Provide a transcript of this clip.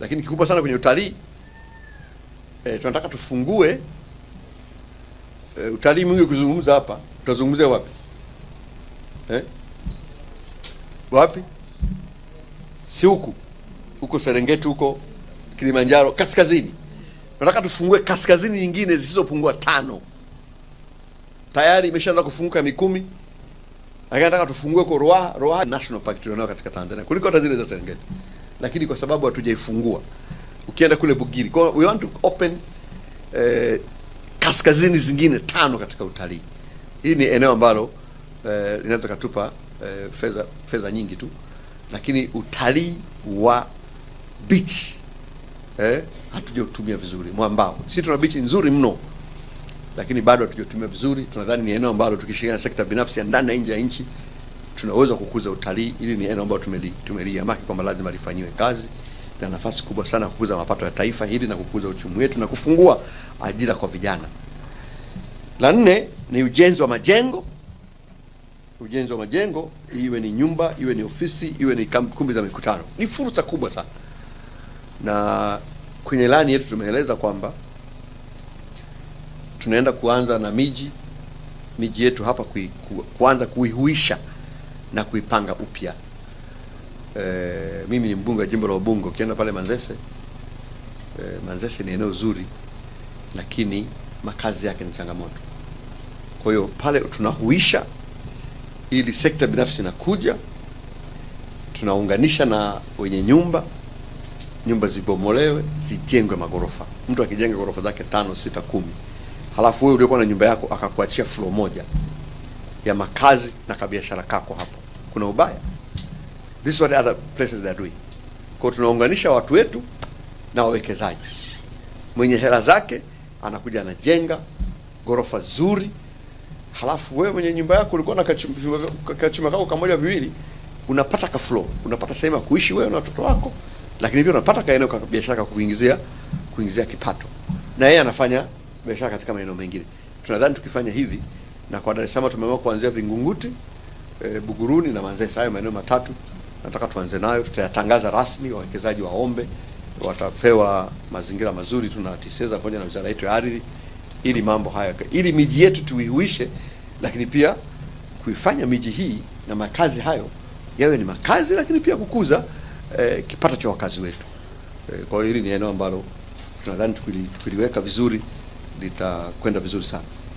lakini kikubwa sana kwenye utalii e, tunataka tufungue e, utalii mwingi. Kuzungumza hapa tutazungumzia wapi e? wapi? si huku huko Serengeti, huko Kilimanjaro kaskazini. Tunataka tufungue kaskazini nyingine zisizopungua tano, tayari imeshaanza kufunguka Mikumi, lakini nataka tufungue kwa Ruaha. Ruaha National Park tulionao katika Tanzania kuliko hata zile za Serengeti lakini kwa sababu hatujaifungua ukienda kule Bugiri. Kwa we want to open eh, kaskazini zingine tano katika utalii. Hii ni eneo ambalo eh, linaweza katupa eh, fedha fedha nyingi tu, lakini utalii wa beach eh, hatujautumia vizuri mwambao. Sisi tuna beach nzuri mno, lakini bado hatujautumia vizuri. Tunadhani ni eneo ambalo tukishirikiana na sekta binafsi ya ndani na nje ya nchi tunaweza kukuza utalii. Ili ni eneo ambalo tumeliamaki kwamba lazima lifanyiwe kazi na nafasi kubwa sana kukuza mapato ya taifa hili na kukuza uchumi wetu na kufungua ajira kwa vijana. La nne ni ujenzi wa majengo. Ujenzi wa majengo, iwe ni nyumba, iwe ni ofisi, iwe ni kumbi za mikutano, ni fursa kubwa sana, na kwenye ilani yetu tumeeleza kwamba tunaenda kuanza na miji miji yetu hapa kui, ku, kuanza kuihuisha na kuipanga upya. E, mimi ni mbunge wa jimbo la Ubungo. Ukienda pale Manzese e, Manzese ni eneo zuri, lakini makazi yake ni changamoto. Kwa hiyo pale tunahuisha ili sekta binafsi inakuja, tunaunganisha na wenye nyumba, nyumba zibomolewe zijengwe magorofa. Mtu akijenga gorofa zake tano, sita, kumi, halafu wewe uliokuwa na nyumba yako akakuachia floor moja ya makazi na kabiashara kako hapo kuna ubaya. This is what other places they are doing. Kwa tunaunganisha watu wetu na wawekezaji. Mwenye hela zake anakuja anajenga ghorofa zuri, halafu wewe mwenye nyumba yako ulikuwa na kachumba kako kamoja viwili, unapata ka flow, unapata sehemu ya kuishi wewe na watoto wako, lakini pia unapata ka eneo ka biashara kuingizia kuingizia kipato, na yeye anafanya biashara katika maeneo mengine. Tunadhani tukifanya hivi, na kwa Dar es Salaam tumeamua kuanzia Vingunguti e, Buguruni na Manzese. Hayo maeneo matatu nataka tuanze nayo, tutayatangaza rasmi, wawekezaji waombe, watapewa mazingira mazuri, tunatiseza pamoja na wizara yetu ya ardhi, ili mambo haya, ili miji yetu tuihuishe, lakini pia kuifanya miji hii na makazi hayo yawe ni makazi, lakini pia kukuza e, kipato cha wakazi wetu. E, kwa hiyo hili ni eneo ambalo tunadhani tukiliweka vizuri litakwenda vizuri sana.